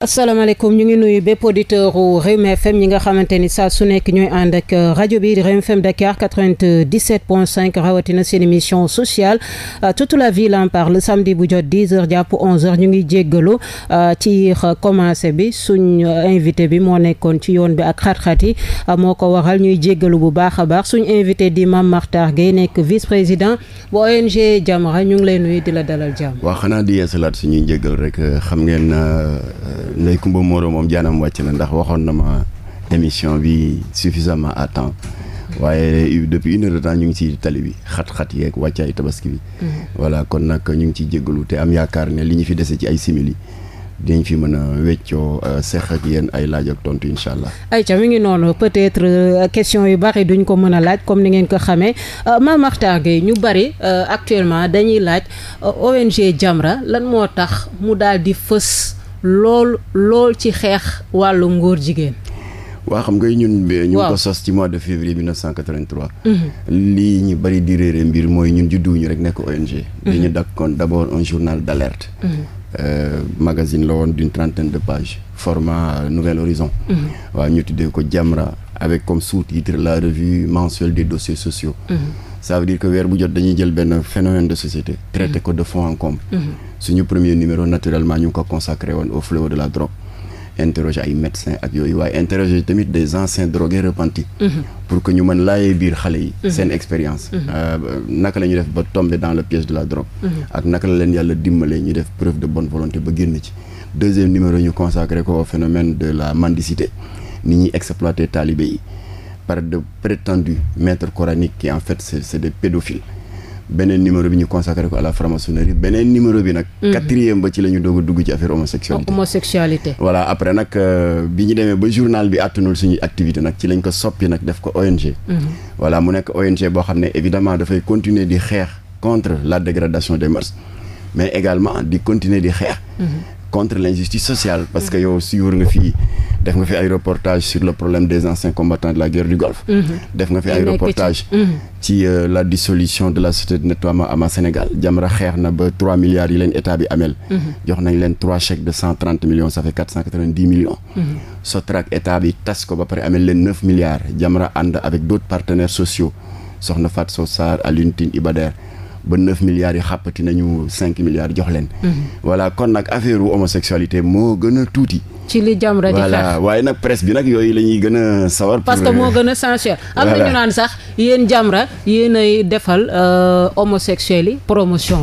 asalaamaaleykum ñu ngi nuyu bépp auditeur u Rewmi FM ñi nga xamante ni saa su nekk ñooy ànd ak rajo bi Rewmi FM Dakar 97.5 rawatina seen mission sociale euh, toute la ville en la samedi bu jot 10 heures jàpp 11 heures ñu ngi jéggalu euh, ci commencé bi suñ euh, invité bi moo nekkoon ci yoon bi ak xat-xat yi moo ko waral ñuy jéggalu bu baax a baax suñ invité di Mame Mactar nekk vice président bu ONG Jamra ñu ngi lay nuyu di la dalal jàmm. waaw xanaa di yeesalaat suñuy jéggal rek xam ngeen. Ndeye Kumba Moro moom jaanam wàcc na ndax waxoon na ma émission bi suffisamment à mm-hmm. waaye depuis une de temps ñu ngi ci tali bi xat-xat yeeg wàccaay tabaski bi. Mm-hmm. voilà kon nag ñu ngi ciy jéggalu te am yaakaar ne li ñu fi dese ci ay simili. dañ fi mën a weccoo euh, seq ak yéen ay laaj ak tontu incha allah. ayca mi ngi noonu peut-être euh, question yu bari duñ ko mën a laaj comme ni ngeen ko xamee euh, Mame Makhtar Gueye ñu bari actuellement dañuy laaj ONG Jamra lan moo lool lool ci xeex wàllu ngóor jigéen. waa xam nga ñun. waaw ñu ngi ko sos ci mois de février 1983. Mhm. lii ñu bari di réere mbir mooy ñun ñu rek nekk ONG. Mhm. dañu dakkoon d'abord un journal d'alerte. Mhm. Euh, magazine la woon d'une trentaine de page format euh, Horizon. waaw ñu tuddee ko Jamra avec comme sous la revue mensuelle des dossiers sociaux. ça veut dire que weer bu jot dañuy jël benn phénomène de société. traité ko de fond en comble. Mhm. suñu premier numéro naturellement ñu ngi ko consacré woon au fléau de la drogue. interroger ay médecins ak yooyu waaye interroger tamit des anciens drogués repentis. Mhm. pour que ñu mën laayee biir xale yi. Mhm. seen expérience. Euh, naka la ñu def ba tomber dans le piège de la drogue. ak naka la leen yàlla dimbalee ñu def preuve de bonne volonté ba génn ci. deuxième numéro ñu consacré ko au phénomène de la mendicité ni ñuy exploité talibé yi. par de prétendus maîtres coraniques en fait c'est c'est des beneen numéro bi ñu consacré ko à la franc-maçonnerie beneen numéro bi nag mhm. quatrième ba ci la ñu doog a dugg ci affaire homosexualité ah, homosexualité voilà après nag euh, bi ñu demee ba journal bi àttanul suñuy activité nag ci lañ ko soppi nag def ko ONG mhm. voilà mu nekk ONG boo xam ne évidemment dafay continuer di xeex contre la dégradation des mœurs mais également di continuer di xeex mhm. contre l'injustice sociale parce que yow suivre nga fii def nga fi ay reportage sur le problème des anciens combattants de la guerre du Golfe mm-hmm. def nga fi ay ci mm-hmm. euh, la dissolution de la société de nettoiement ama Sénégal Jamra xeex na ba trois milliards yi leen état bi amel mm-hmm. jox nañ leen trois chèques de cent trente millions ça fait quatre état bi tas ko ba pare amel leen neuf milliards Jamra ànd avec d'autres partenaires sociaux Soxna Fatou Sow ba neuf milliards yi xàppati nañu cinq milliards jox leen. Mhm. voilà kon nag affaire homosexualité moo gën a tuuti. ci li Jamra di xeex waaye nag presse bi nag yooyu lañuy ñuy gën a sawar. parce que moo gën a am na ñu naan sax yéen Jamra yéen ay defal euh, homosexuels yi promotion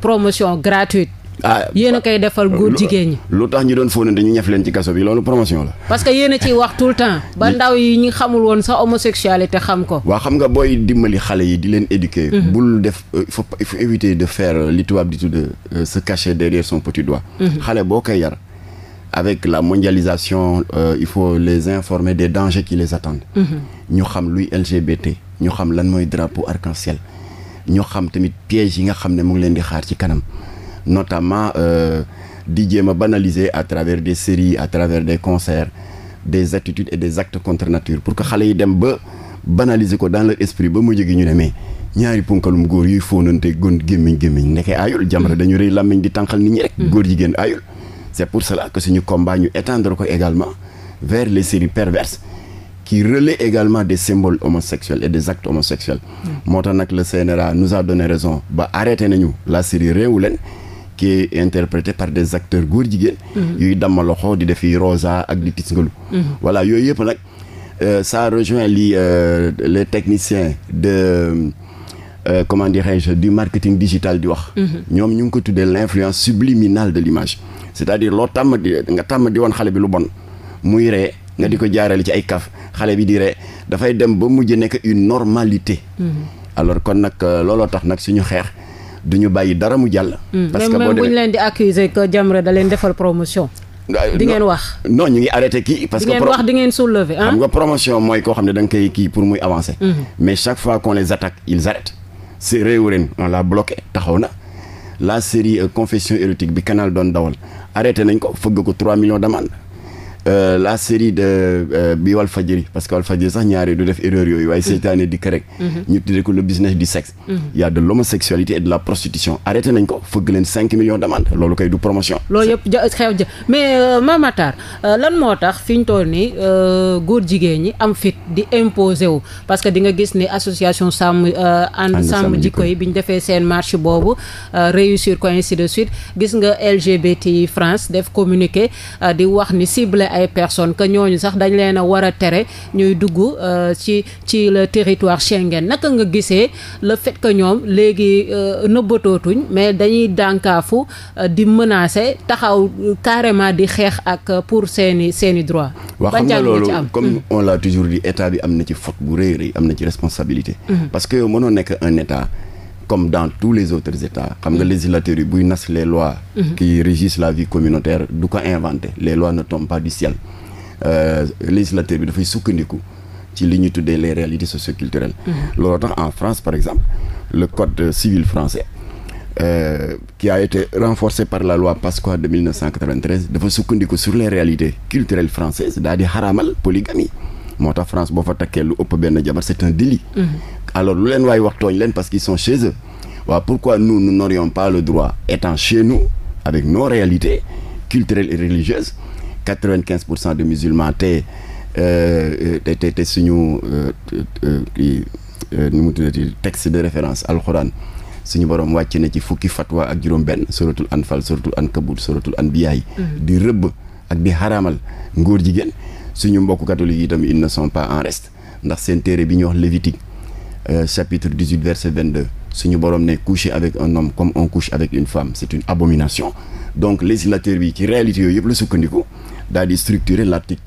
promotion gratuite. ah yéen a koy defal góor jigéen ñi. lu tax ñu doon fóonante ñu ñef leen ci kaso bi loolu promotion la. parce que yéen a ciy wax tout le temps. ba ndaw yi ñu xamul woon sa homosexualité xam ko. waa xam nga booy dimbali xale yi di leen éduquer. Mhm. bul def euh, il faut il éviter de faire euh, li tubaab di tudd euh, se cacher derrière son petit doigt. Mhm. xale boo koy yar. avec la mondialisation il faut les informer des dangers qui les attendent. Mhm. ñu xam luy LGBT ñu xam lan mooy drapeau arc-en-ciel ñu xam tamit piège yi nga xam ne mu ngi leen di xaar ci kanam. notamment euh, di jéem a banaliser à travers des séries à travers des concerts des attitudes et des actes contre nature pour que xale yi dem ba banaliser ko dans leur esprit ba mu jóge ñu ne mais ñaari ponkalum góor yuy fóonante gon gémmiñ gémmiñ nekkee aayul Jamra dañu rëy làmmiñ di tànqal nit ñi rek mm. góor jigéen aayul c'est pour cela que suñu combat ñu étendre ko également vers les séries perverses qui relaient également des symboles homosexuels et des actes homosexuels mm. moo tax nag le CNRA nous a donné raison ba arrêté nañu la série Réewu Leen qui est interprété par des acteurs góor jigéen. Mhm. yuy damma loxo di def rosa ak di tisngalu. Mhm. voilà yooyu yëpp nag euh, ça rejoint li euh, les techniciens de euh, comment dirais-je du marketing digital di wax. Mhm. ñoom ñu ngi ko tuddee l'influence subliminale de l'image. c'est-à-dire loo tàmm di nga tàmm di woon xale bi lu bon muy ree nga di ko jaarale ci ay kaf xale bi di ree dafay dem ba mujj nekk une normalité. alors kon nag euh, looloo tax nag suñu xeex. du ñu bàyyi dara mu jàll. Hmm. parce que ñu leen di accuser que Jamra da leen defal promotion. di ngeen wax non ñu ngi arrêté kii. parce que di ngeen wax di ngeen promotion mooy koo xam ne da nga koy kii pour muy avancer. Hmm. mais chaque fois qu'on les attaque ils arrêtent. c'est réew ren l'a bloqué taxaw na la série euh, confession érotique bi canal doon dawal arrêté nañ ko fëgg ko 3 millions d'amende Euh, la série de euh, bi Walfadjri parce que Walfadjri sax ñaari du def erreur yooyu waaye mm. seytaane dikk rek. Mm-hmm. ñu tuddee ko le business du sexe. Mm-hmm. y a de l'homosexualité et de la prostitution arrêté nañ ko fëgg leen cinq millions d'amende loolu kay du promotion. loolu yëpp xew ja mais euh, Mame Matar lan moo tax fi toll nii góor jigéen am fit di imposer wu parce que di nga gis ni association sàmm. ànd sàmm jikko yi bi ñu defee seen marche boobu réussir ko ainsi de suite gis nga LGBT ay personne que ñooñu sax dañ leen a war a tere ñuy dugg euh, ci ci le territoire Schengen naka nga gisee la fait ñoom léegi euh, nëbbatootuñ mais dañuy dànkaafu euh, di menacer taxaw carrément di xeex ak pour seeni seeni droit waaw xam nga loolu comme hmm. on l'a toujours dit état bi am na ci faute bu rëy rëy am na ci responsabilité hmm. parce que mënoo nekk un état comme dans tous les autres états xam nga mm. législateur yi buy nas les lois mm-hmm. qui régissent la vie communautaire du ko inventé les lois ne tombent du ciel euh, législateur bi dafay sukkandiku ci li ñu tuddee les réalités socioculturelles mm-hmm. looloo tax en France par exemple le code civil français Euh, qui a été renforcé par la loi Pasqua de 1993 dafa sukkandiku sur les réalités culturelles françaises daal di xaraamal polygamie moo tax France boo fa takkee lu ëpp benn jabar c'est alors lu leen waay wax tooñ leen parce qu'ils sont chez eux waaw pourquoi nous nous n'aurions pas le droit étant chez nous avec nos réalités culturelles et religieuses quinze pour cent de musulmans te euh, te te te suñu euh, euh, nu mu tuddati texte de référence alxuraan suñu borom wàcc na ci fukki fatwa ak juróom-benn suratul anfal suratul ankabut suratul anbiyaay mm-hmm. di rëbb ak di xaraamal ngóor jigéen suñu mbokk catholique yi itam ils ne sont pas en reste ndax seen téere bi ñuy wax lévitique Euh, chapitre 18 verset 22 suñu borom ne coucher avec un homme comme on couche avec une femme c'est une abomination donc législateur bi ci réalité yooyu yëpp la sukkandiku daal structurer l'article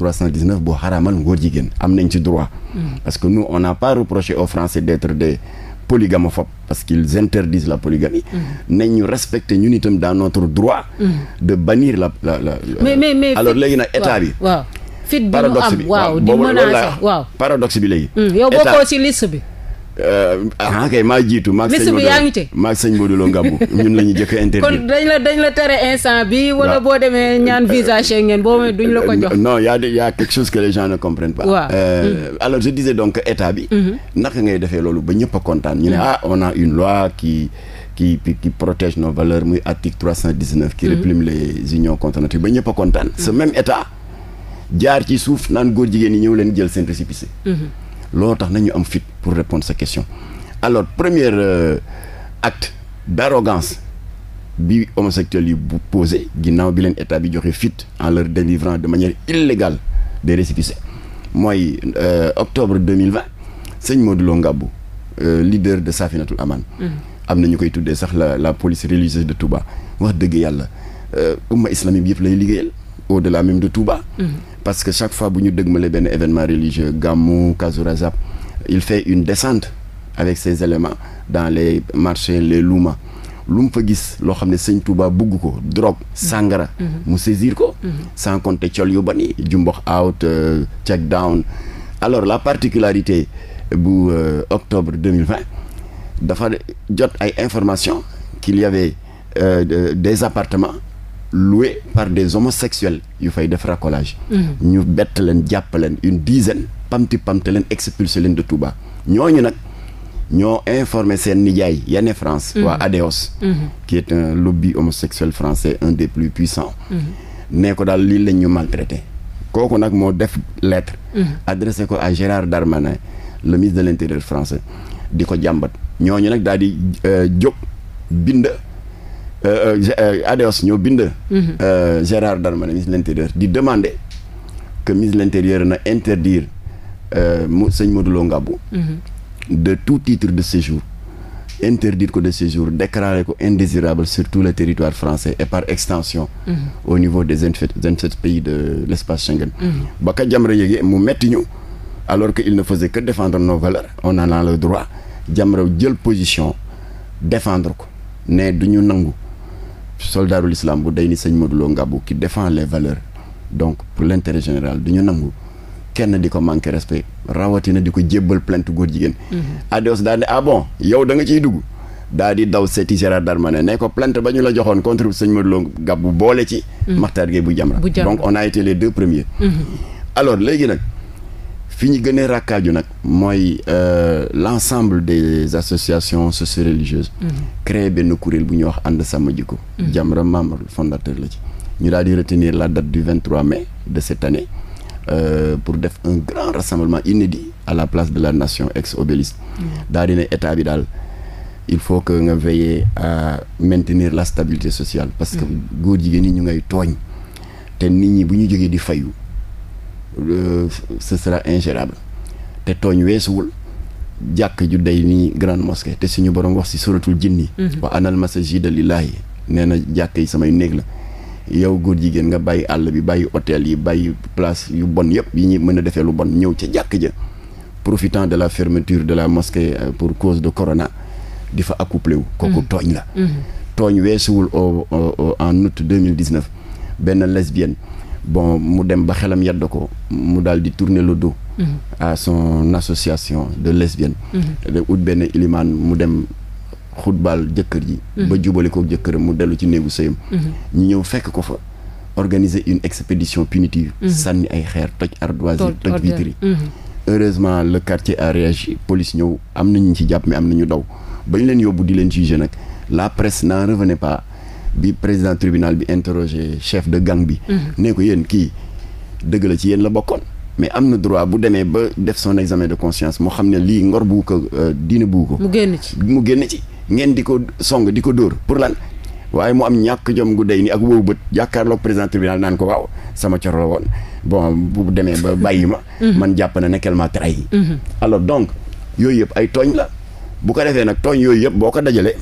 boo xaraamal ngóor jigéen am nañ ci droit mm. parce que nous on n'a pas reproché aux Français d'être des polygamophobes parce qu'ils interdisent la polygamie mm. nañ ñu respecter ñun itam droit mm. de bannir la la la mais léegi nag état bi fit bi mu am waaw di menacer waaw bi léegi yow bokkoo Euh, ah, ah kay maa jiitu. maa ngi sëñ Modou yaa ngi ci. ñun la ñu jëkk a interview. kon dañ la dañ la tere instant bi wala boo demee ñaan euh, visa Schengen euh, boo may la ko jox. non y' a y' a quelque chose que les gens ne comprennent pas. Mm-hmm. alors je disais donc état bi. Mm-hmm. naka ngay defee loolu ba ñëpp kontaan. ñu ne mm-hmm. ah on a une loi qui. qui protège nos valeurs muy article 319 qui réprime les unions contre nature ba ñëpp a kontaan. ce même état jaar ci suuf naan góor jigéen ñi ñëw leen jël seen récépissé. looloo tax nañu am fit pour répondre sa question alors premier euh, acte d'arrogance bi homosexuels yi bu posé ginnaaw bi leen état bi joxe fit en leur délivrant de manière illégale de récépissés mooy euh, octobre 2020 sëñ Modou Lo Ngabou euh, leader de Safinatul Aman mm -hmm. am na ñu koy tuddee sax la la police religieuse de Touba wax dëgg yàlla euh, umma islamique bi yëpp lay liggéeyal au la même de Touba. Mm-hmm. parce que chaque fois bu ñu dëgmale benn événement religieux Gammu Kazu Rajab il fait une descente avec ses éléments dans les marchés les luuma lu mu fa gis loo xam ne sëñ Touba bugg ko drogue sangara mhm. Mhm. mu saisir ko mhm. sans compter col yu bon yi jumbox out euh, check down alors la particularité bu euh, octobre 2020 dafa jot ay information qu'il y avait euh, loué par des homosexuels yu fay def racolage. Mhm. ñu bett leen jàpp leen une dizaine pamti pamte leen expulsé leen de Touba ñooñu nag ñoo informé seen nijaay yane France. Mhm. waa ADEOS. Mhm. qui est un lobby homosexuel français un des plus puissants. nee ko daal lii lañ ñu maltraité. kooku nag moo def lettre. adressé ko à Gérard Darmanin le ministre de l' français di ko jàmbat ñooñu nag daal di euh, jóg bind. Euh, euh, euh, ADOS ñoo bind. Mhm. Gérard Darmanin ministre de l'intérieur di demander que ministre de l'intérieur na interdire mu sëñ Modou Lo mhm. de tout titre de séjour interdire ko de séjour déclarer ko indésirable sur tout le territoire français et par extension mm au niveau des vingt-sept pays de l'espace Schengen mhm. ba ka Jamra mu metti ñu alors que il ne faisait que défendre nos valeurs on en a le droit Jamra jël position défendre ko ne du ñu nangu soldaarul islam bu day ni sëñ Modou Lo Ngabou qui défend les donc pour l' général du ñu nangu kenn di ko manqué respect rawatina di ko jébbal plainte góor jigéen. Mhm. ADOS daal ne ah yow da nga ciy dugg. daal di daw seeti Gérard Darmanin ne ko plainte ba ñu la joxoon contre sëñ Modou Lo Ngabou boole ci. Mhm. Makhtar Gueye bu Jamra donc on a deux premiers. Mhm. alors léegi nag. fi ñu gënee a rakkaaju nag mooy euh, l' ensemble des associations socio-religieuses mm-hmm. créé benn kuréel bu ñuy wax ànd sàmm jikko mm-hmm. Jamra membre fondateur la ci ñu daal di retenir la date du 23 mai de cette année Euh, pour def un grand rassemblement inédit à la place de la nation ex obélisque mm-hmm. daa di état bi daal il faut que nga veiller à maintenir la stabilité sociale parce que góor jigéen ñi ñu ngay tooñ te nit ñi bu ñu jógee di fayu Euh, ce sera ingérable te tooñ weesuwul jàkk ju day nii grande mosquée te suñu borom wax si suratul jinni mhm. wa anal de lillahi nee na jàkk yi samay néeg la yow góor jigéen nga bàyyi àll bi bàyyi hôtel yi bàyyi place yu bon yëpp yi ñuy mën a defee lu bon ñëw ca jàkk ja profitant de la fermeture de la mosquée euh, pour cause de corona di fa accouplé wu kooku mhm. tooñ la mhm. tooñ weesuwul au en août 2019 benn lesbienne bon mu dem ba xelam yedd ko mu daal di tourner le do mhm. à son association de lesbiennes de mhm. ut benn ilimaan mu dem xutbaal jëkkër ji mhm. ba jubale ko jëkkëram mu dellu ci néegu sëyam ñu ñëw fekk ko fa organiser une expédition punitive sànni ay xeer toj ardoisie toj vitres heureusement le quartier a réagi police ñëw am nañu ci jàpp mais am nañu daw ba ñu leen yóbbu di leen juger nag la presse n'en revenait pas bi président tribunal bi interrogé chef de gang bi. Mhm. ne ko yéen kii dëgg la ci yéen la bokkoon. mais am na droit bu demee ba def son examen de conscience moo xam ne lii ngor bu ko euh, diine mu génn ci mu di ko song di ko dóor pour lan waaye mu am ñàkk jom gu day ni ak wow bët jàkkaarloog président tribunal naan ko waaw sama coro la woon bon bu demee ba bàyyi ma. Mhm. man jàpp na ne qu'elle m'a trahi mhm. alors donc yooyu yëpp ay tooñ la bu ko defee nag tooñ yooyu yëpp boo ko dajalee.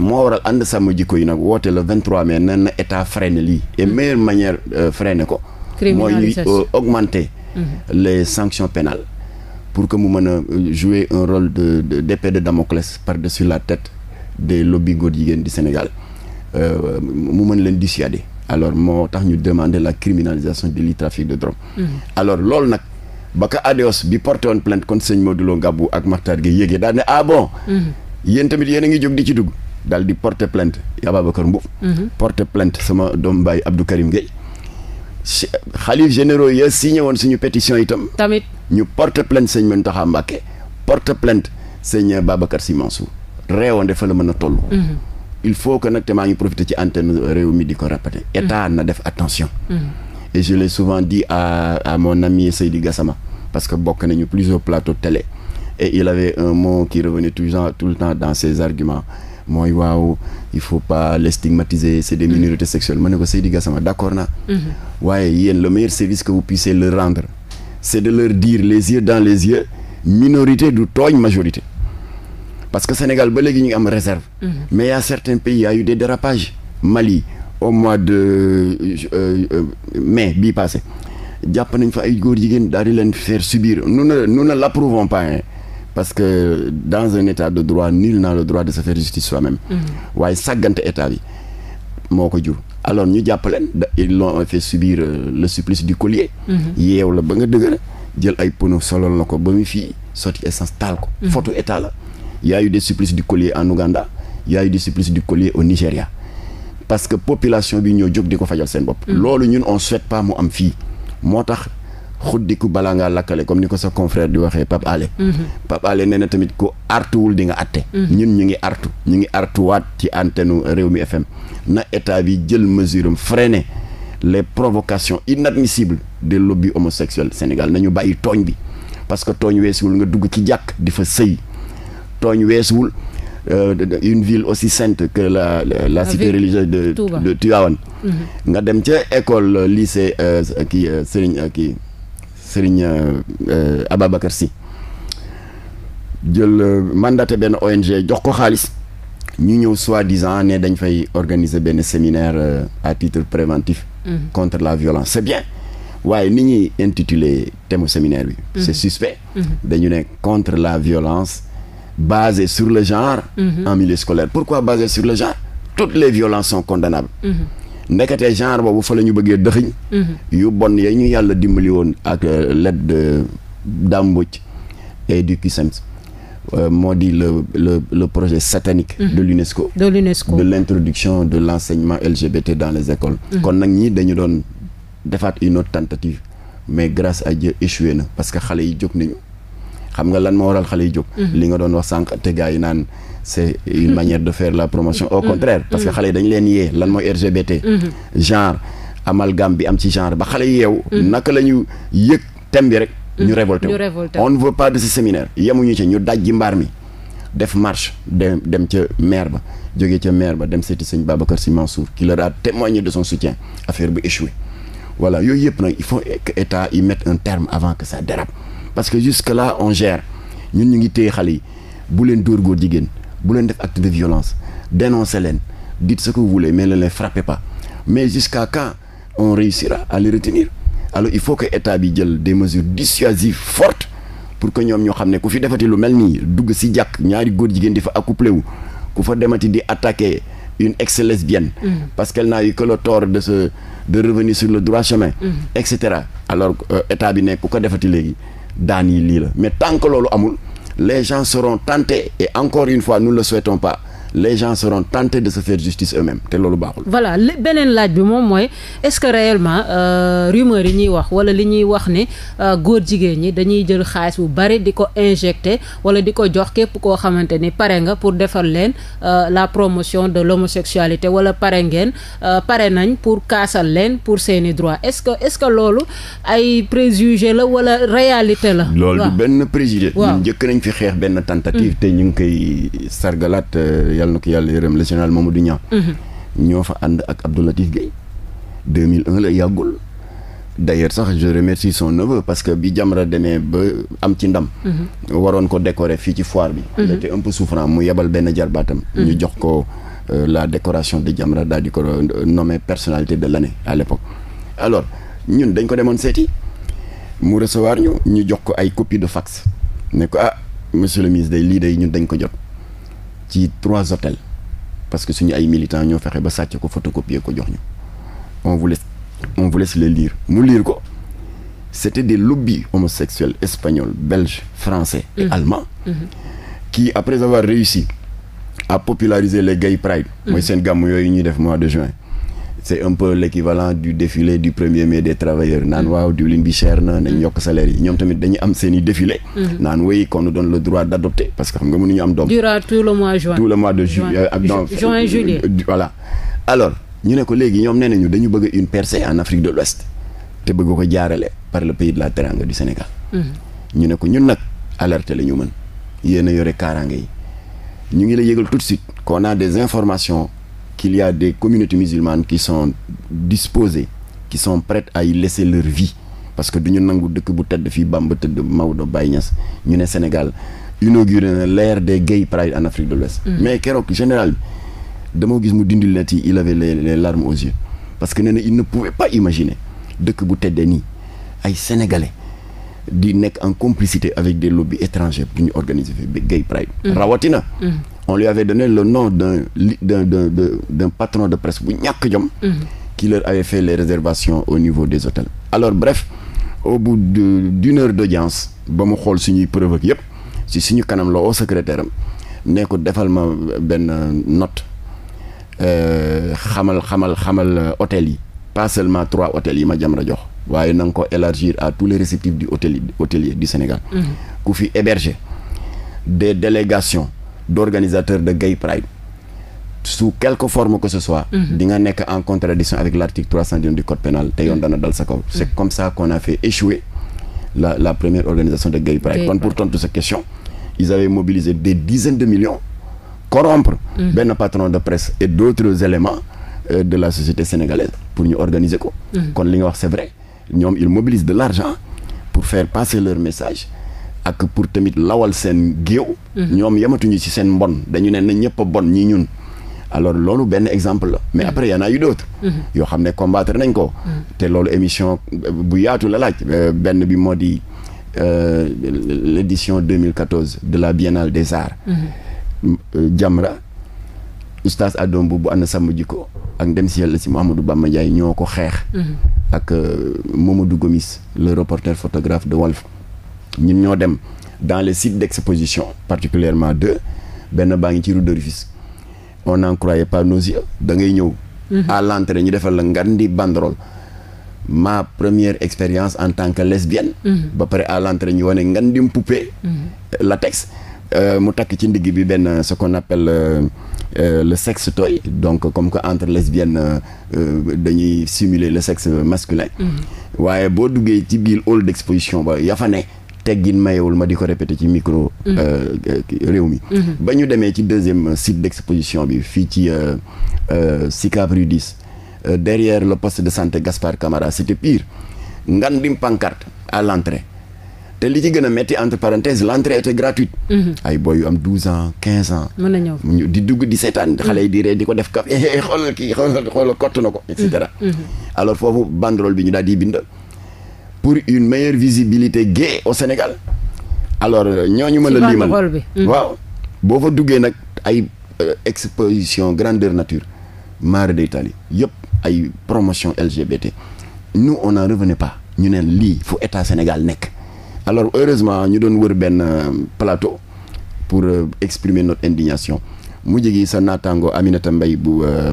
moo waral ànd sàmm jikko yi nag woote le 23 mai nan na état freiné lii et mm-hmm. meilleure manière euh, freiné ko mooy ñuy euh, augmenter mm-hmm. les sanctions pénales pour que mu mën a euh, jouer un rôle de d'épée de Damoclès par-dessus la tête des lobbies yi jigéen di Sénégal mu mën leen dissuader alors moo tax ñu demander la criminalisation du trafic de drogue mm-hmm. alors loolu nag ba ka ADOS bi porté on plainte contre moo Modou Lo Ngabou ak Makhtar Gueye yéegee daal ah bon yéen tamit yéen a ngi jóg di ci dugg daal di porter plainte Ababacar Mbow. Mhm. porter plainte sama doom baay Abdou Karim Gueye. xalif généraux ya signé woon suñu pétition itam. tamit ñu porter plainte sëñ Mountakha Mbacké porter plainte sëñ Babacar Sy Mansour la mën a toll. Mhm. il faut que nag te maa ngi profiter ci antenne réew mi di ko répéter. Mhm. état na def attention. et je l'ai souvent dit à à mon ami Seydi Gassama parce que bokk nañu plusieurs plateaux télé et il avait un mot qui revenait tout le temps dans mooy waaw il faut pas les stigmatiser c'est des mm-hmm. minorités sexuelles ma ne ko Seydi Gassama d'accord naa mm-hmm. waaye yéen le meilleur service que vous puissiez leur rendre c'est de leur dire les yeux dans les yeux minorité du tooñ majorité parce que Sénégal ba léegi ñu ngi am réserve mm-hmm. mais il y a certains pays y a eu des dérapages Mali au mois de euh, euh, mais bii passé jàpp nañ fa ay góor jigéen daal di leen faire subir nous ne nous ne l'approuvons pas hein. parce que dans un état de droit nul n'a le droit de se justice soi-même mm-hmm. waaye sàggante état bi moo ko jur alors ñu jàpp leen ils l'ont fait subir euh, le supplice du collier mm-hmm. yeew la ba nga dëgër jël ay pono solol na ko ba mu fii sotti essence taal ko mm-hmm. photo état la y a eu des collier en Ouganda y a eu des supplices du collier au Nigéria parce que population bi ñoo jóg di ko fajal seen bopp loolu ñun on souhaite pas mu am fii moo tax xuddiku balaa ngaa lakkale comme ni ko sa confrère di waxee Pape Alé mhm. Pape nee na tamit ku artuwul di nga atte mhm. ñun ñu ngi artu ñu ngi artuwaat ci antenne réew mi FM na état bi jël mesure am freiner les provocations inadmissibles des lobbies homosexuels Sénégal na ñu bàyyi tooñ bi parce que tooñ weesuwul nga dugg ci jàkk di fa sëy tooñ weesuwul euh, une ville aussi sainte que la la cité religieuse de de mhm. nga dem ca école lycée euh, kii euh, Serigne kii Serigne euh, Ababacar si jël euh, mandate benn ONG jox ko xaalis ñu ñëw soi-disant ne dañ fay organiser benn séminaire euh, à titre préventif mhm. contre la violence c'est bien waaye ni ñuy intitulé thème séminaire bi mhm. c'est suspect mhm. dañu ne contre la violence basée sur le genre en milieu scolaire pourquoi basée sur le genre toutes les violences sont condamnables ndeketee genre boobu fa la ñu bëggee dëxiñ mhm. yu bon ya ñu yàlla dimbali woon ak euh, l'aide de Dame Mbodj et du CUSEMS euh, moo di le le le projet satanique mmh. de l'UNESCO de l'UNESCO de l'introduction de l'enseignement LGBT dans les écoles mhm. kon nag ñi dañu doon defaat une tentative mais grâce à Dieu échoué na parce que xale yi jóg nañu xam nga lan moo waral xale yi jóg mhm. li nga doon wax sànq te naan c'est une manière de faire la promotion au contraire parce que xale yi dañ leen yee lan mooy LGBT genre amalgame bi am ci genre ba xale yeew naka la ñu yëg thème bi rek ñu révolté on ne veut pas de ce yemuñu ci ñu daj ji mbaar mi def marche dem dem ca maire ba jógee ca maire ba dem seeti sëñ Babacar Sy Mansour qui leur a témoigné de son soutien affaire bi échoué voilà yooyu yëpp nag il faut que état y un terme avant que ça parce que jusque là on ñun ñu ngi téye xale yi bu leen dóor góor jigéen bu leen def acte de violence dénoncez leen dites ce que vous voulez mais ne les pas mais jusqu'à quand on réussira à les retenir alors il faut que état bi jël des mesures dissuasives fortes pour que ñoom ñoo xam ne ku fi defati lu mel nii dugg si jàkk ñaari góor jigéen di fa accouplé wu ku fa demati di attaquer une ex-lesbienne mm -hmm. parce qu'elle n'a eu que le tort de se de revenir sur le droit chemin mm -hmm. et cetera alors euh, état bi nekk ku ko defati léegi daan yi lii la ma tant que loolu amul les gens seront tentés et encore une fois nous ne le souhaitons les gens seront tentés de se faire justice eux-mêmes te loolu baaxul. voilà beneen laaj bi moom mooy est-ce que réellement euh, rumeur yi ñuy wax wala li ñuy wax ne euh, góor jigéen ñi dañuy jël xaalis bu bari di ko injecté wala di ko jox képp koo xamante ni pare nga pour defal leen euh, la promotion de l'homosexualité wala pare ngeen pare nañ pour kaasal leen pour seeni droit est-ce que est-ce que loolu ay préjugé la wala réalité la. loolu du benn préjugé. waaw njëkk nañ fi xeex benn tentative. Mm. te ñu ngi koy sargalaat. yàlla na ko yàlla yërëm le général Mamadou Niang mhm. ñoo fa ànd ak Abdou Latif Guèye 2001 la yàggul d'ailleurs sax je remercie son neveu parce que bi Jamra demee ba am ci ndam mhm. waroon ko décorer fii ci foire bi mhm. il était un peu souffrant mu yebal benn jarbaatam ñu jox ko euh, la décoration de Jamra daal di ko euh, nommé personnalité de l'année à l'époque alors ñun dañ ko demoon seeti mu recevoir ñu ñu jox ko ay copie de fax ne ko ah monsieur le ministre day lii day ñun ci trois hôtels parce que suñu ay militants ñoo fexe ba sàcc ko photocopier ko jox ñu on vous laisse on vous laisse le lire mu lire ko c'était des lobbies homosexuels espagnols belges français et mmh. allemands mmh. qui après avoir réussi a populariser le gay pride mmh. mooy seen gàmm yooyu ñuy def mois de juin c' est un peu l' équivalent du défilé du premier mai des travailleurs naan mm. waaw diwlin bi cher na nañ mm. yokk salaire ñoom tamit dañuy am seen i défilé mm-hmm. naan wéy qu'on nous donne le droit d' adopter parce que xam nga mënuñu am doom tout le mois de juillet ak donc juin juillet euh, alors ñu ne ko léegi ñoom nee nañu dañu bëgg une percée en Afrique de l'Ouest te bëgg ko jaarale par le pays de la Teranga du Sénégal mm-hmm. ñu ne ko ñun nag alerter la ñu mën yéen a yore kaaraange yi ñu ngi la yëgal tout de a des informations qu'il y a des communautés musulmanes qui sont disposées qui son prêtes à y laisser leur vie parce que du ñu nangu dëkk bu tedd fii Bamba tëdd Maodo Baye Niass ñu ne Sénégal inauguré na l'ère des gay pride en Afrique de l'Ouest mm. mais keroog général bi dama gis mu dindil na ci il avait les, les larmes aux parce que ne na il ne pouvait pas imaginer dëkk bu teddee nii ay sénégalais di nekk en complicité avec des lobbies étrangers pour ñu organiser fi gay pride mm. on lui avait donné le nom d'un d'un d'un patron de presse bu ñàkk jom mm-hmm. qui leur avait fait les réservation au niveau des hôtels alors bref au bout duneur heure d'audience ba mu xool suñuy preuve ak yëpp si suñu kanam la au secrétaire am ne ko defal ma benn note euh, xamal xamal xamal euh, hôtel yi pas seulement trois hôtels yi ma jam ra jox waaye na ko élargir à tous les réceptifs du hôtel hôtelier du Sénégal mm-hmm. ku fi héberger des délégations d'organisateur de Gay Pride sous quelque forme que ce soit mhm. di nga nekk en contradiction avec l'article 310 du code pénal te yoon mhm. dana dal sa kaw c'est mhm. comme ça qu'on a fait échouer la la première organisation de Gay Pride kon pour tontu sa question ils avaient mobilisé des dizaines de millions corrompre mm. benn patron de presse et d'autres éléments euh, de la société sénégalaise pour ñu organiser ko kon li nga wax c'est vrai ñoom ils mobilisent de l'argent pour faire passer leur message ak pour tamit lawal seen géew. Mhm. ñoom yamatuñu ci seen mbon dañu ne na ñëpp a bon ñi ñun. alors loolu benn exemple la mais mhm. après y en a eu mhm. yoo xam ne combattre nañ ko. te loolu émission euh, bu yaatu la laaj euh, benn bi moo di euh, l'édition 2014 de la Biennale des Arts. Jamra oustaz Adom bu ànd sàmm jikko ak ndem si yàlla si Mouhamadou Bamba Ndiaye ñoo ko xeex. ak moom du Gomis le reporter photographe de Walf. ñun ñoo dem dans les sites d'exposition particulièrement de benn baa ngi ci rue de Rufisque on n'en croyait pas da ngay ñëw mhm. à l'entrée ñu defal la ngan di banderole ma première expérience en tant que lesbienne mhm. ba pare à l'entrée ñu wane ngan dim poupée mhm. latex euh, mu takk ci ndigg bi benn ce qu'on appelle euh, euh, le sexe toy donc comme que entre lesbiennes euh, euh, dañuy euh, le sexe masculin waaye boo duggee ci biir hall exposition ba ya fa ne teggin mayewul ma di ko répété ci micro. Mm-hmm. Euh, réew mi. Mm-hmm. ba ñu demee ci deuxième euh, site d' bi fii ci euh, Sicap Rue 10 derrière le poste de santé Gaspard Camara c' était pire ngan dim pancarte à l' entrée te li ci gën a métti entre parenthèses l' entrée était gratuite. Mm-hmm. ay boy yu am 12 ans 15 ans. di dugg di seetaan. xale yi di ree di ko def kaf eh, eh, xoolal kii xoolal kott na ko. et cetera alors foofu banderole bi ñu daal di bind. pour une meilleure visibilité gay au Sénégal alors euh, ñu ma la limal hmm. waaw boo fa duggee nag ay euh, exposition grandeur nature mare de Italie yëpp ay promotion LGBT nous on n'en revenait pas ñu ne lii fu état Sénégal nekk alors heureusement ñu doon wër benn euh, plateau pour exprimer notre indignation mu gi sa naataango Aminata mbay bu euh,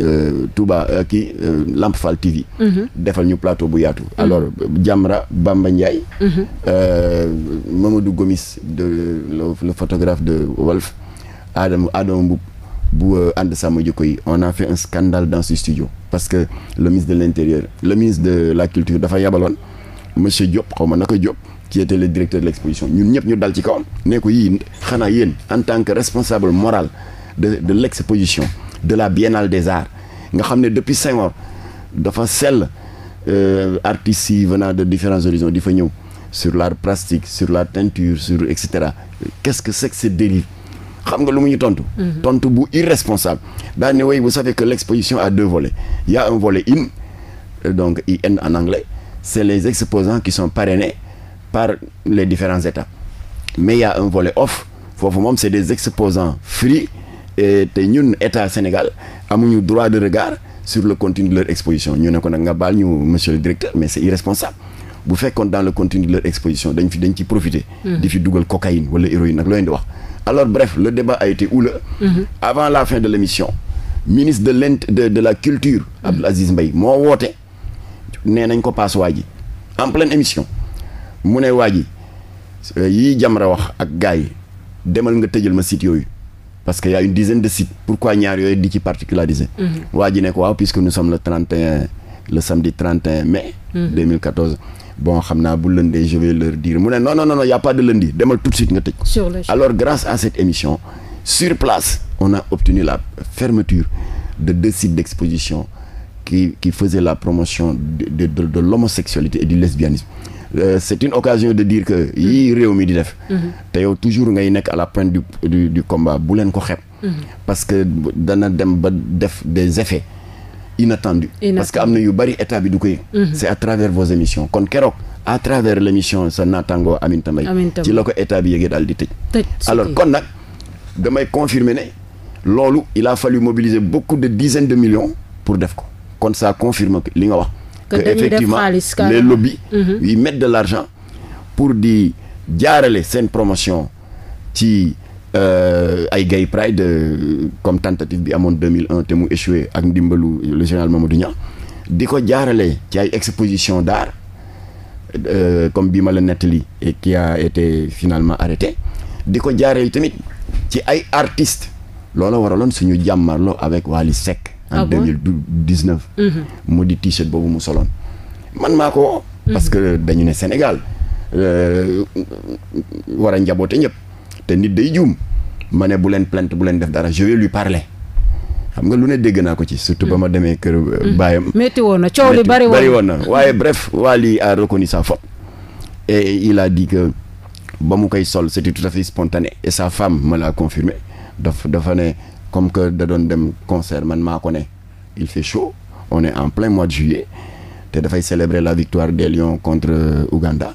euh, Touba euh, kii Lamp Fall TV. Mhm. defal ñu plateau bu yaatu. Mhm. alors Jamra Bamba Ndiaye. Mhm. Mamadou Gomis de le photographe de Walf. Adama Adama Mboup bu ànd sama jikko yi on a fait un scandale dans ce studio parce que le ministre de l'intérieur le ministre de la culture dafa yabaloon monsieur Diop xaw ma naka Diop. qui était le directeur de l'exposition ñun ñëpp ñu dal ci kawam. ne ko xanaa yéen en tant que responsable moral de de l'exposition de la Biennale des Arts nga xam ne depuis Senghor dafa sell euh, artistes si venant de différents horizons di fa ñëw sur l'art plastique sur la teinture sur et cetera qu'est-ce que c'est que ce délire xam nga lu mu ñu tontu. Mhm. tontu bu irresponsable daa ne way vous que l'exposition a deux volets il un volet in euh, donc in en anglais c'est les exposants qui par les différentes étapes mais il y un volet off foofu moom c'est des exposants free et te ñun état Sénégal amuñu droit de regard sur le contenu de leur exposition ñu ne ko nag nga baal ñu monsieur le directeur mais c'est irresponsable bu fekkoon dans le contenu de leur exposition dañ fi dañ ci profiter hmm. di fi dugal cocaïne wala héroïne nag looy di wax alors bref le débat a été houleux mmh. la fin de l'émission ministre de de, la culture hmm. Abdoul Aziz Mbaye moo woote nee nañ ko paasuwaay ji en pleine émission mu ne waa ji yii Jamra wax ak gars yi demal nga tëjal ma site yooyu parce que y a une dizaine de sites pourquoi ñaar yooyu di ci particulariser mm-hmm. waa ji ne ko waaw puisque nous sommes le 31 le samedi 31 mai mmh. 2014 bon xam naa bu lëndee je leur dire mu ne non non non y a pas de lundi demal tout de suite nga tëj alors grâce à cette émission sur place on a obtenu la fermeture de deux sites d'exposition qui qui la promotion de de, l'homosexualité et du Euh, c'est une occasion de dire que yii mm-hmm. réew mi di def mm-hmm. te yow toujours ngay nekk à la pointe du du, du bu leen ko xeeb mm-hmm. parce que dana dem ba def des effets inattendus Inattendu. parce que am na yu bari état bi du ko yëg c'est à vos émissions kon keroog à travers l'émission sa naataango Aminata Mbaye ci la ko état bi yëgee daal di tëj alors kon nag damay confirmer ne loolu il a fallu mobiliser beaucoup de dizaines de millions pour def ko kon ça confirme li nga que effectivement les lobbies mhm. yi mettent de l'argent pour di jaarale seen promotion ci euh, ay gay pride euh, comme tentative bi amoon 2001 te mu échoué ak ndimbalu le général du Niang di ko jaarale ci ay exposition d'art euh, comme bii ma la nettali et qui a été finalement arrêté di ko jaarale tamit ci ay artistes loola waraloon suñu jàmmarloo avec Wally Seck en ah deux mhm. mu di t-shirt boobu mu soloon. man maa ko. Mhm. parce que dañu ne Sénégal euh, war a njaboote ñëpp te nit day juum ma ne bu leen plainte bu leen def dara je vais lui parler. xam nga lu ne dégg naa ko ci surtout ba ma mhm. demee kër euh, baayam métti woon na coow li bari woon na waaye bref Wally a reconnu sa faute et il a dit ba mu koy sol c'était tout à fait spontané et sa femme me l'a confirmé daf dafa ne comme que da doon dem concert man maa ko ne il fait chaud on est en plein mois de juillet te dafay célébrer la victoire des Lions contre euh, Ouganda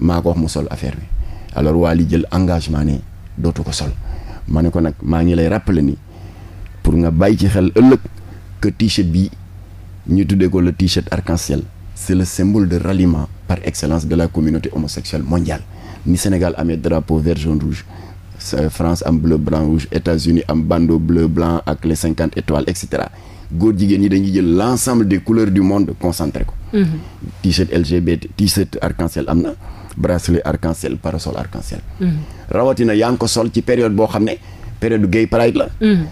maa ko wax mu sol affaire bi alors waa li jël engagement ne dootu ko sol ma ne ko nag maa ngi lay rappeler ni pour nga bàyyi ci xel ëllëg que t-shirt bi ñu tuddee ko le t-shirt arc-en-ciel c'est le symbole de ralliement par excellence de la communauté homosexuelle mondiale ni Sénégal amee drapeau vert jaune rouge Euh, France am bleu blanc rouge États-Unis am bandeau bleu blanc ak les cinquante étoiles et cetera góor jigéen ñi dañuy jël l'ensemble des couleurs du monde concentré ko. Mhm. t-shirt am na. bracelet arc parasol arc mhm. rawatina yaa ngi ko sol ci période boo xam ne période gay pride la. Mhm.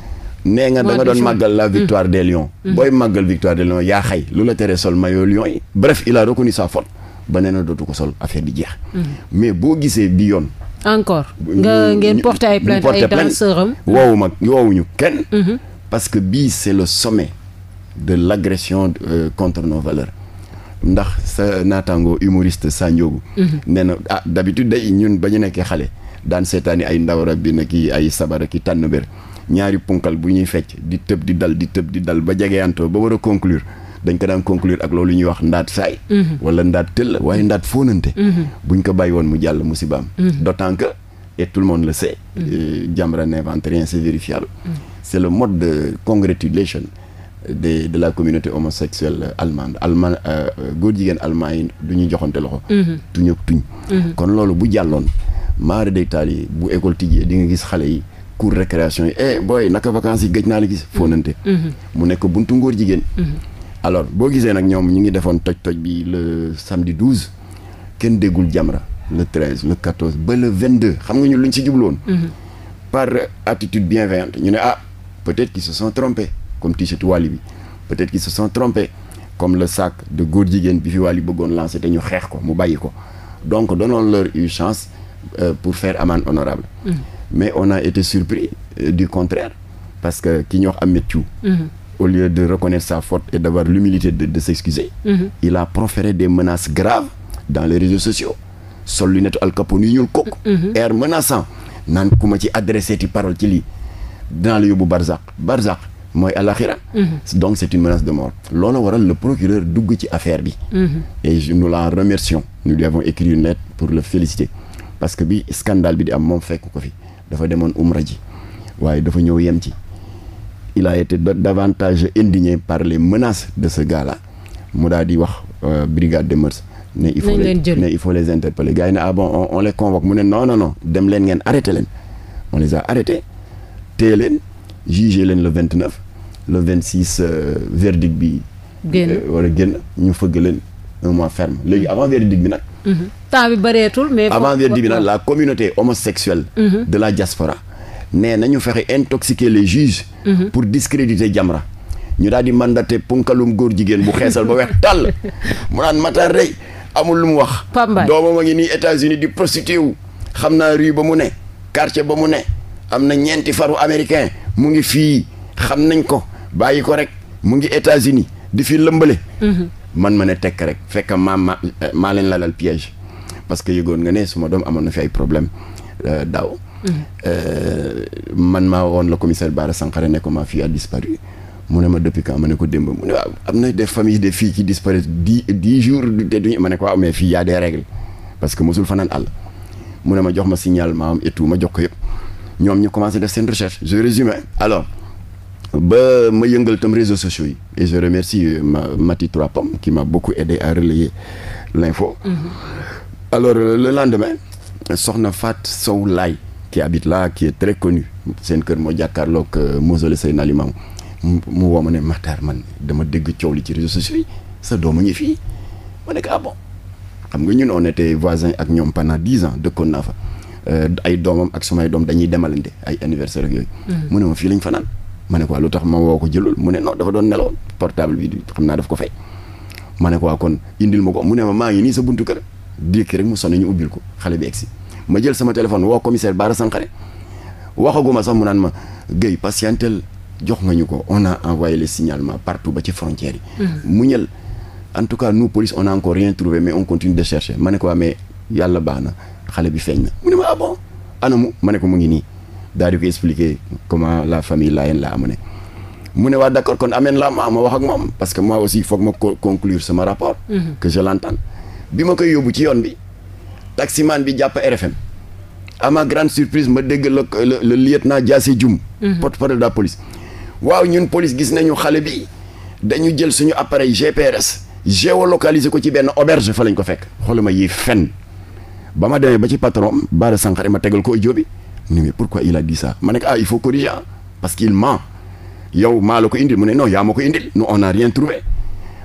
nee nga da doon màggal la victoire des lions. booy màggal victoire des lions yaa xay lu la teree sol maillot lions yi. bref il a reconnu sa faute ba nee na dootu ko sol affaire bi jeex. boo gisee bi encore nga ngeen porté ay plainte ay danseurs am woowu mag woowuñu kenn mhm. parce que bii c'est le sommet de l'agression euh, contre nos valeurs ndax sa naataango humoriste sa Ndiogou mhm. ah d'habitude day ñun ba ñu nekkee xale daan seetaani ay ndawara bi na ki ay sabara ki tànn bér ñaari punkal bu ñuy fecc di tëb di dal di tëb di dal ba jegeyantoo ba war a conclure dañ ko daan conclure ak loolu ñuy wax ndaat saay mhm. wala ndaat tëll waaye ndaat fóonante mhm. buñ ko bàyyi woon mu jàll musibaam mhm. d'autant que et tout le monde le sait euh, Jamra c'est vérifiable c'est le mode de congratulation de la communauté homosexuelle allemande allemand euh, euh, góor jigéen allemand yi du ñuy joxante loxo tuñ ak tuñ kon loolu bu jàlloon maara day taal yi bu école tijjee di nga gis xale yi cours récréation yi eh booy naka vacances yi gëj naa la alors boo gisee nag ñoom ñu ngi defoon toj-toj bi le samedi 12 kenn déggul Jamra le 13 le ba le 22 xam nga ñu lu ñu ci jubloon. Mhm. par attitude bienveillante ñu ne ah peut-être qu'ils se sont trompés comme t-shirt Wally bi peut-être qu'ils se sont trompés comme le sac de góor jigéen bi fi Wally bëggoon lancer te ñu xeex ko mu bàyyi ko donc donnons leur une chance euh, pour faire amende honorable mhm. mais on a été surpris euh, du contraire parce que ki ñu wax Ameth Thiou mhm. au lieu de reconnaître sa faute et d'avoir l'humilité de, de s'excuser, mm -hmm. il a proféré des menaces graves dans les réseaux sociaux. sol lunette Al Capone yu ñuul kooku. Mhm. air menaçant naan ku ma ci adressé ti parole ci lii dinaa la yóbbu Barzak Barzak mooy alaxira mhm. donc c'est une menace de mort. loolu waral le procureur dugg ci affaire bi. Mhm. et nous la remercions. nous lui avons écrit une lettre pour le féliciter parce que bi scandale bi di am moom fekk ko fi dafa demoon umra ji waaye il a été davantage indigné par les menaces de ce gars-là mu daal di wax euh, brigade de mœurs ne il faut les ne il faut les interpeller gars yi ne ah on, les convoque mu ne non dem leen ngeen arrêté leen on les a arrêtés téye leen jugé leen le 29 le 26 euh, bi. génn euh, war a génn ñu fëgg leen un mois ferme léegi avant verdict bi nag. Mhm. temps bi bëreetul mais. avant la communauté homosexuelle. Mm -hmm. de la diaspora ne nañu fexe intoxiquer les juges mhm. pour discréditer Jamra ñu daal di mandaté punkalum góor jigéen bu xeesal ba weex tàll mu naan Matar dey amul lu mu wax doomam a ngi nii États-Unis di prostitué wu xam naa rue ba mu ne quartier ba mu ne am na ñeenti faru américain mu ngi fii xam nañ ko bàyyi ko rek mu ngi États-Unis di fi lëmbale mhm. man ma ne tekk rek fekk maam ma maa leen lalal piège parce que yëgoon nga ne suma doom amoon na fi ay problème euh, daaw Euh, man maa woon la commissaire Bara Sankaré ne ko ma fille a disparu mu ne ma depuis quand ma ne ko démb mu ne waaw am na des famille des fii ci disparaissent dix dix jours te duñu ma ne ko waaw mais fii y a des parce que mosul fanaan àll mu ne ma jox ma signal ma am ma jox ko yëpp ñoom ñu commencé def seen recherche je résume alors ba ma yëngal tam réseaux euh, ma Mati Trois Pommes qui m'a beaucoup mm-hmm. euh, le lendemain soxna Fat Sow Laay qui habite là qui est très connu seen kër moo jàkkaarloog euh, mausolée Seydina Limamou mu woo ma ne Makhtar man dama dégg coow li ci réseaux sociaux yi sa doom a ngi fii ma ne ko ah bon xam nga ñun on était voisins ak ñoom pendant dix ans dëkkoon naa fa euh, ay doomam ak sumay doom dañuy demalante ay anniversaire ak yooyu. Mm. mu ne ma fii lañ fanaan ma ne ko ah, lu tax ma woo ko jëlul mu ne non dafa doon neloon portable bi xam naa daf ko fay. ma ne ko ah, kon indil ma ko mu ne ma maa ngi nii sa buntu kër dikk rek mu sonn ñu ubbil ko xale bi egsi ma jël sama téléphone woo commissaire Bara Sankhare waxaguma sax mu naan ma Guèye patientel jox nga ñu ko on a envoyé les signalements partout ba ci frontières yi. Mm-hmm. mu ñël en tout cas nous police on a encore rien trouvé mais on continue de chercher ma ne ko waa ah, mais yàlla baax na xale bi feeñ na mu ne ma ah bon anamu ma ne ko mu ngi nii daal di ko expliquer comment la famille Layène la ne mu ne waa d' accord kon ameen la ma ma wax ak parce que moi aussi foog ma conclure sama rapport. Mm-hmm. que bi ma koy yóbbu ci yoon bi. taximan bi jàpp RFM à ma grande surprise ma dégg le le, le lieutenant Diassé Dioum mm -hmm. waaw ñun police gis nañu xale bi dañu jël suñu appareil GPRS géolocaliser ko ci benn oberge fa lañ ko fekk xooluma yi fenn ba ma demee ba ci patron Bara Sankhare ma tegal ko audio bi mu ne mais pourquoi il a dit ça ma ne ah il faut corriger parce qu'il ment yow maa la ko indil mu ne non yaa ko indil nous on n'a rien trouvé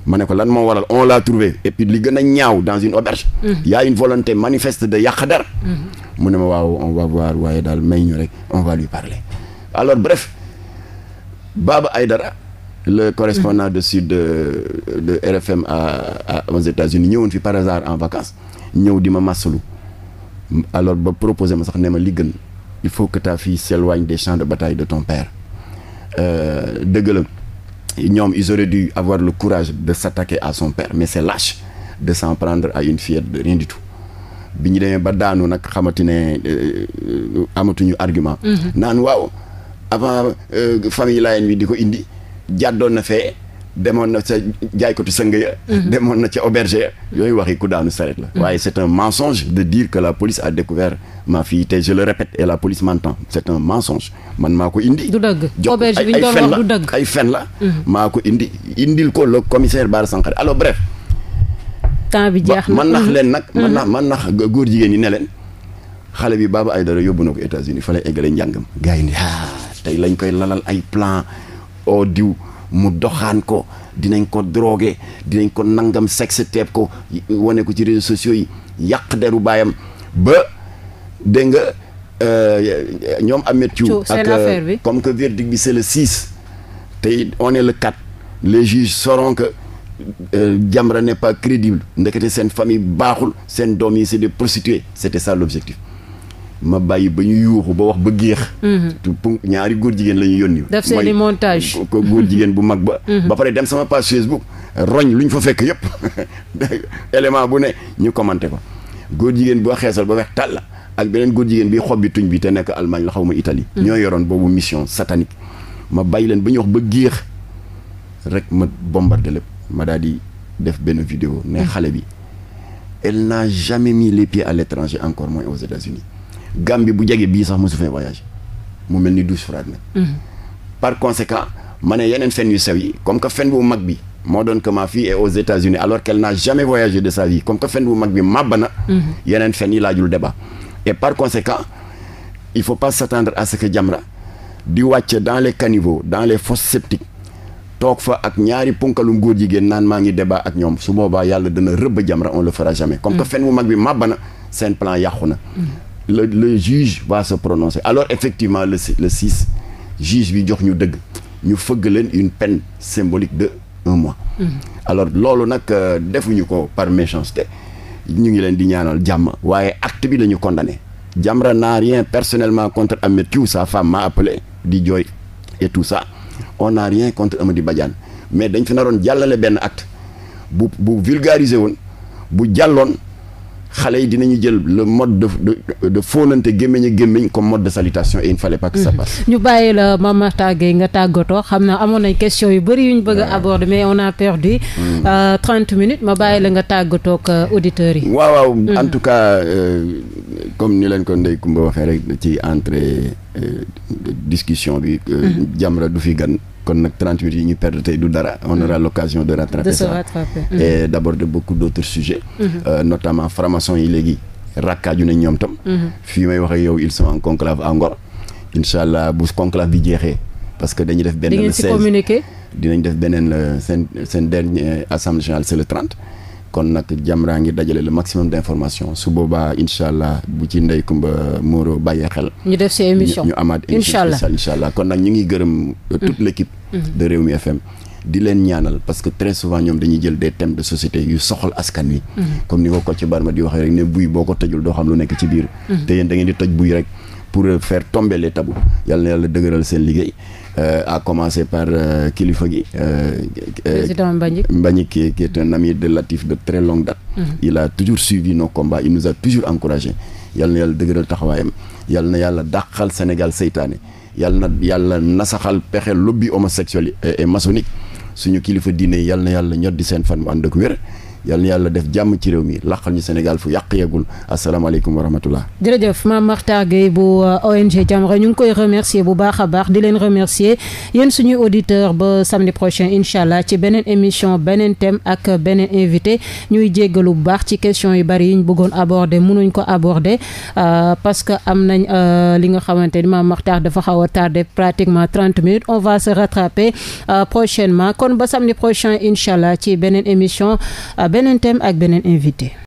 ma ne ko lan moo waral on l'a trouvé et puis li gën a ñaaw dans une auberge mm-hmm. y a une manifeste de yàq der mm-hmm. mu ne ma waaw on va waaye daal may ñu rek on va lui parler alors bref Baba Aydara le correspondant mm-hmm. de Sud euh, de, RFM à, aux États-Unis ñëwoon fi par hasard en vacances ñëw di ma massalu alors ba proposé ma sax ne ma li gën il faut que ta fille s'éloigne des champs de bataille de ton père euh, ñoom ils auraient dû avoir le courage de s'attaquer à son père mais c'est lâche de s'en prendre à une fillette de rien du ba daanu nag xamati ne euh, euh, amatuñu argument mhm. naan waaw avant euh, famille Layène bi di ko indi jàddoon na fee demoon na ca jaaykatu sëng ya mhm. demoon na ca auberge yooyu waxi ku daanu saret la mhm. waaye c'est un mensonge de dire que la police a découvert ma fille te je la police m'entend c'est un man maa ko indi du dëgg auberge bi ñu doon wax ay fen la mhm. maa ko indi indil ko le commissaire Bara Sankhare alors bref temps bi jeex na man nax leen nag man nax man nax góor jigéen ñi ne leen xale bi ay Aïdara yóbbu na ko États-Unis fa lay eggale njàngam gars ni ah tey lañ koy lalal ay plan o oh, diw mu doxaan ko dinañ ko drogué dinañ ko nangam sexe teeb ko wane ko ci réseaux sociaux yi yàq deru baayam ba dégg nga euh, ñoom Ameth Thiou ak euh, comme que verdict bi c'est le 6 te on est le 4 les juges sauront que euh, Jamra n'est pas crédible ndekete seen famille baaxul seen doom yi c'est des prostituées c'était ça l'objectif ma bàyyi ba ñu yuuxu ba wax ba géex mhm. ñaari góor jigéen la ñu yónni daf seen i montage ko góor jigéen bu mag ba mhm. ba pare dem sama page Facebook roñ lu ñu fa fekk yëpp élément bu ne ñu commenté ko góor jigéen boo xeesal ba weex tàll ak beneen góor jigéen bi xob bi tuñ bi te nekk Allemagne la xaw ma Italie mhm. ñoo yoroon boobu mission satanique ma bàyyi leen ba ñu wax ba géex rek ma bombardé lépp ma daal def benn vidéo ne xale bi elle n'a jamais mis les pieds à l'étranger encore moins Gambie bu jege bii sax mosu fee voyagé mu mel ni douche froide nag. Mhm. par consequent ma ne yeneen fen yu sew yi comme que fen bu mag bi moo doon que ma fille est alors qu'elle n'a jamais sa vie comme que fen bu mag bi màbba na. Mhm. yeneen fen yi laajul débat. et par conséquent il faut pas s'attendre à ce que Jamra di wàcce dans les caniveaux dans les fos septiques toog fa ak ñaari punkalu góor jigéen naan maa ngi débat ak ñoom su boobaa yàlla dana rëbb Jamra on le a jamais. comme que mhm. fen bu mag bi màbba na seen plan yàqu na. le le juge va se prononcer alors effectivement le le 6 juge bi jox ñu dëgg ñu fëgg leen une peine symbolique de un mois. Mm-hmm. alors loolu nag euh, defuñu ko par méchanceté ñu ngi leen di ñaanal jàmm waaye acte bi la ñu condamné. Jamra n'a rien personnellement contre Ahmed Thiou sa femme m'a appelé di jooy et tout ça on n'a rien contre Amady Badiane mais dañ fi naroon jàllale benn acte bu bu vulgarisé woon bu jàlloon. xale yi dinañu jël le mode de de de fóonante gémmiñ a gémmiñ comme mode de salutation et il ne fallait pas que mhm. ñu bàyyi la ma Makhtar Gueye nga tàggatoo xam na amoon nañ question yu bëri yu ñu bëgg a aborder mais on a perdu. Mm. Euh, trente minutes ma bàyyi la nga tàggatoo ak euh, auditeurs yi. waaw waaw mhm. en tout cas euh, comme ni leen ko Ndeye Comba waxee rek ci entrée discussion bi. Mhm. Jamra du fi gan. kon nag 38 yi ñu perdre tey du dara on mm. aura l'occasion de rattraper de se rattraper ça et mm. d'aborder beaucoup d'autres sujets mm-hmm. euh, notamment franc-maçon yi léegi rakkaaju nañ ñoom tam mm-hmm. fii may wax yow ils sont en incha allah bu conclave bi jeexee parce que dañuy def benn le 16 dinañ def beneen seen seen dernier assemblée générale le 30 kon nag Jamra ngi dajale le maximum d'informations su boobaa incha allah bu ci ndey Kumba Moro bàyyee xel. ñu def seen émission ñu amaat émission incha allah kon nag ñu ngi gërëm. Euh, toute mm. l'équipe. Mm-hmm. de Rewmi FM di leen ñaanal parce que très souvent ñoom dañuy jël des thèmes de société yu soxal askan wi. Mm-hmm. comme ni ko Kocc Barma di waxee rek ne buy boo ko tëjul doo xam lu nekk ci biir. Mm-hmm. te yéen da ngeen di toj buy rek pour euh, faire tomber les tabous yàlla na yàlla dëgëral seen liggéey. a euh, commencé par euh, kilifa gi. Euh, président Mbagnick Mbagnick qui, qui est un ami de Latif de très longue date. Mm il a toujours suivi nos combats il nous a toujours encouragé yal na yàlla dëgëral taxawaayam yal na yàlla dàqal Sénégal seytaane. yàlla na yàlla nasaxal pexe lobby homosexuel et maçonnique suñu kilifa diine yàlla na yàlla ñoddi seen fan mu ànd ak wér yal na yàlla def jàmm ci réew mi laqal ñu Sénégal fu yàq yeegul asalaamaaleykum wa rahmatullah. jërëjëf Mame Makhtar Gueye bu euh, ONG Jamra ñu ngi koy remercier bu baax a baax di leen remercier yéen suñuy auditeur ba samedi prochain incha allah ci beneen émission beneen thème ak beneen invité ñuy jéggalu bu baax ci question yu bari yi ñu bëggoon aborder mënuñ ko aborder euh, parce que am nañ euh, li nga xamante ni Mame Makhtar dafa xaw a tardé pratiquement trente minutes on va se rattraper kon ba samedi prochain incha allah ci beneen émission. beneen thème ak beneen invité.